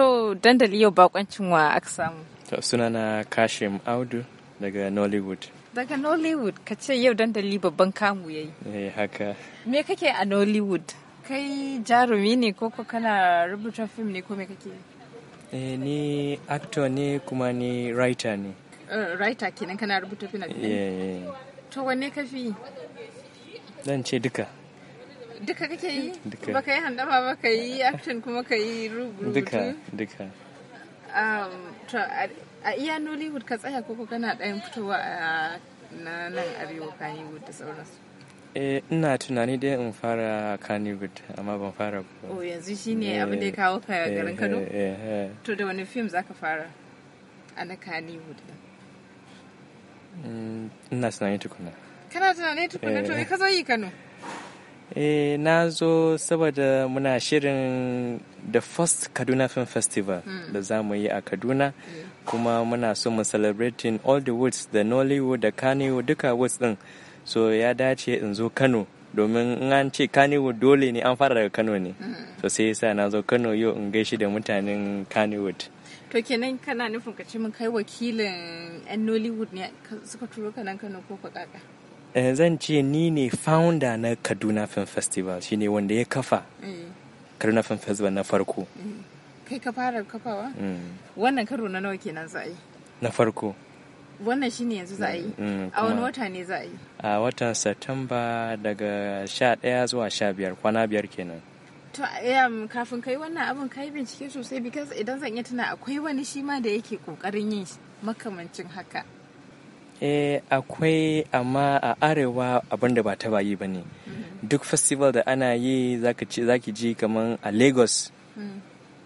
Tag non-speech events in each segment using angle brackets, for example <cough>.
To dandali yau bakoncin wa aka samu. To sunana Kashim Audu daga Nollywood. Daga Nollywood ka ce yau dandali babban kamu yi. Eh haka. Me kake a Nollywood? Kai jarumi ne ko ko kana rubuta fim ne ko me kake? Eh ni actor ne kuma ni writer ne. Eh, writer kenan kana rubuta fim finai Yeah, To wanne ka fi? Zan ce duka. duka kake yi ba ka yi handama ba ka yi actin kuma ka yi rubutu duka duka um, To a iya nollywood ka tsaya koko kana ɗayan fitowa a nan arewa kannywood da sauransu eh ina tunani dai in fara kannywood amma ban fara ba oh yanzu shine eh, abin da ya kawo ka eh, garin kano eh, to da wani film zaka fara a na kannywood mm, ina tunani tukuna kana tunani tukuna to me ka zo yi kano Eh, na zo saboda muna shirin the first Kaduna Film Festival mm. da za mu yi a Kaduna yeah. kuma muna so mu celebrating all the woods da Nollywood da Kannywood duka woods din so ya dace in zo Kano domin in an ce Kannywood dole ne an fara daga Kano ne mm. so sai yasa na zo Kano yau in gaishe da mutanen Kannywood to kenan kana nufin ka ce mun kai wakilin 'yan Nollywood ne suka turo ka Kano ko ka kaka Eh, zan ce ni ne founder na kaduna film festival shine wanda ya kafa mm. kaduna film festival na farko mm. kai ka fara kafawa mm. wannan karo na nawa kenan za a yi na farko wannan shine yanzu za a yi a wani wata ne za a yi a watan satamba daga 11 zuwa 15 kwana biyar kenan to um, kafin kai wannan abin ka yi bincike sosai because idan zan iya tuna akwai wani shi ma da yake kokarin yin makamancin haka eh akwai amma a arewa abin da ba taba yi ba ne duk festival da ana yi za ki ji kamar a lagos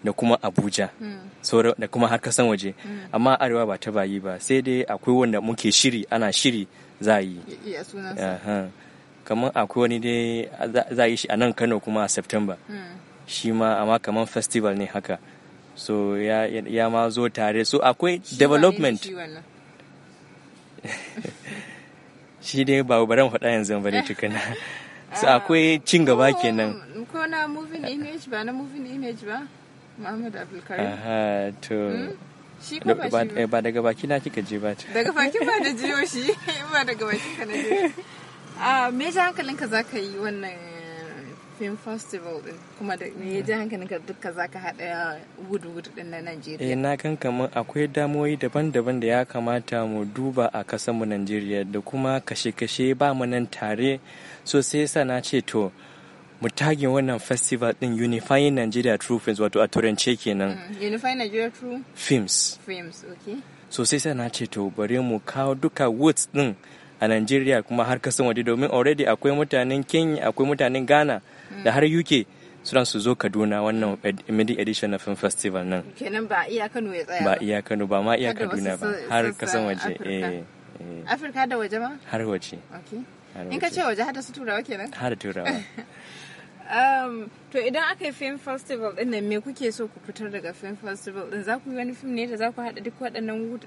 da kuma abuja da kuma har kasan waje amma arewa ba taba yi ba sai dai akwai wanda muke shiri ana shiri za yi kamar akwai wani dai za yi shi a nan kano kuma a september shi ma amma kamar festival ne haka so ya ma zo tare so akwai development <laughs> shi dai ba wa baran faɗa yanzu ba ne tukuna su <laughs> akwai cin gaba kenan ko na moving image ba na moving image ba Muhammad Abdulkarim aha to hmm? shi ko ba shi eh, ba daga baki na kika je ba ta daga baki ba da <laughs> jiyo shi ba daga baki ka na je a ah, me ja hankalinka ka yi wannan film festival din kuma da me ya ji hankalin ka duka zaka hada gudu gudu din na Najeriya eh na kan kamar akwai damoyi daban-daban da ya kamata mu duba a kasar mu Najeriya da kuma kashe-kashe ba mu nan tare so sai yasa na ce to mu tagin wannan festival din Unifying Nigeria True Films wato a turance kenan mm, Unifying Nigeria True Films Films okay so sai yasa na ce to bari mu kawo duka woods din a Najeriya kuma har kasan waje domin already akwai mutanen Kenya akwai mutanen Ghana da har UK suna su zo Kaduna wannan midi edition na film festival nan. Kenan ba iya Kano ya tsaya ba. Ba iya Kano ba ma iya Kaduna ba har kasan waje. Eh, eh. Afirka da waje ma? Har waje. Okay. In ka ce waje har da su turawa kenan? Har da turawa. <laughs> Um, to idan aka yi film festival din nan me kuke so ku fitar daga film festival din za ku yi wani film ne da za ku haɗa duk waɗannan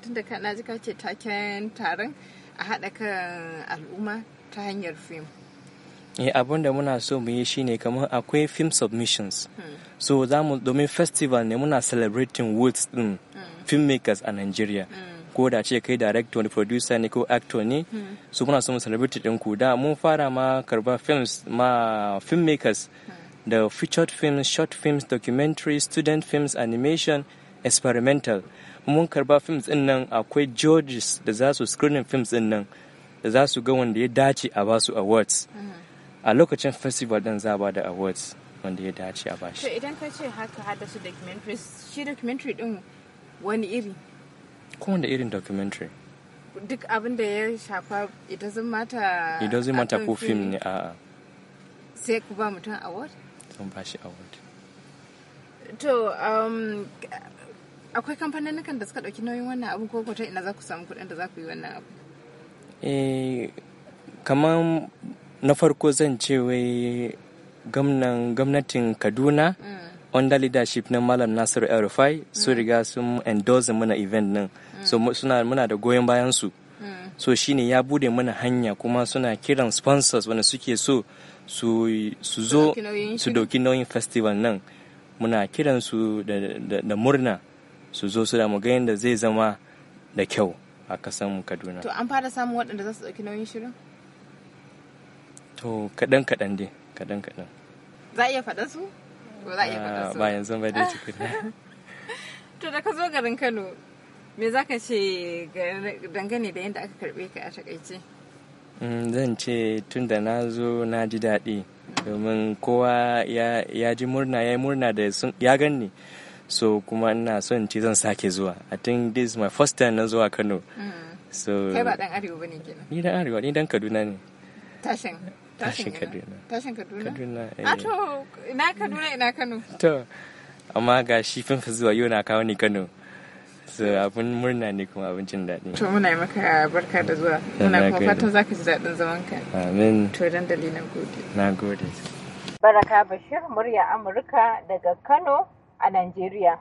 tun da na ji ka ce taken taron a haɗa kan al'umma ta hanyar fim eh abin da muna so mu yi shine kamar akwai film submissions hmm. so za mu domin festival ne muna celebrating woods din hmm. filmmakers a nigeria hmm. ko da ce kai director ne producer ne ko actor ne so muna so mu celebrate din ku da mun fara ma karba films ma filmmakers da featured films short films documentary student films animation experimental mun karba films din nan akwai judges da za su screening films din nan da za su ga wanda ya dace a ba su awards a lokacin festival din za ba da awards wanda ya dace a bashi to idan ka ce haka hada su documentaries shi documentary din wani iri ko wanda irin documentary duk abin da ya shafa it doesn't matter it doesn't matter ko film ne a'a sai ku ba mutum award zan ba shi award to um, akwai kamfanin da suka ɗauki nauyin wannan abu ko ta ina za ku samu kuɗin da za ku yi wannan abu eh, kamar na farko zan ce wai gwamnatin kaduna mm. under leadership na malam nasiru el rufai mm. su riga sun endorse muna event nan mm. so suna muna da goyon bayan su so shine ya bude mana hanya kuma suna kiran sponsors wanda suke so su zo su dauki nauyin festival nan muna kiran su da murna su zo su damu ga yadda zai zama da kyau a kasan kaduna to an fara samun waɗanda za su ɗauki nauyin shirin to kaɗan kaɗan dai kaɗan kaɗan za a iya faɗa su ko za a iya faɗa ah, su ba yanzu ba dai cikin <laughs> to da ka zo garin kano me za ka ce dangane da yadda aka karɓe ka a takaice mm, zan ce tun da na zo na ji daɗi domin kowa ya ji murna ya yi murna da ya gan ni so kuma ina so in ce zan sake zuwa i think this is my first time na zuwa kano mm. so kai ba dan arewa bane kenan ni dan arewa ni dan kaduna ne tashin tashin kaduna tashin kaduna a ah, eh. to ina kaduna ina kano to amma ga shi finfa zuwa yau na kawo ni kano so abun murna ne kuma abincin daɗi to muna maka barka da zuwa muna kuma fatan zaka ji daɗin zaman ka amin to dan dalilin gode na gode baraka bashir murya amurka daga kano Nigeria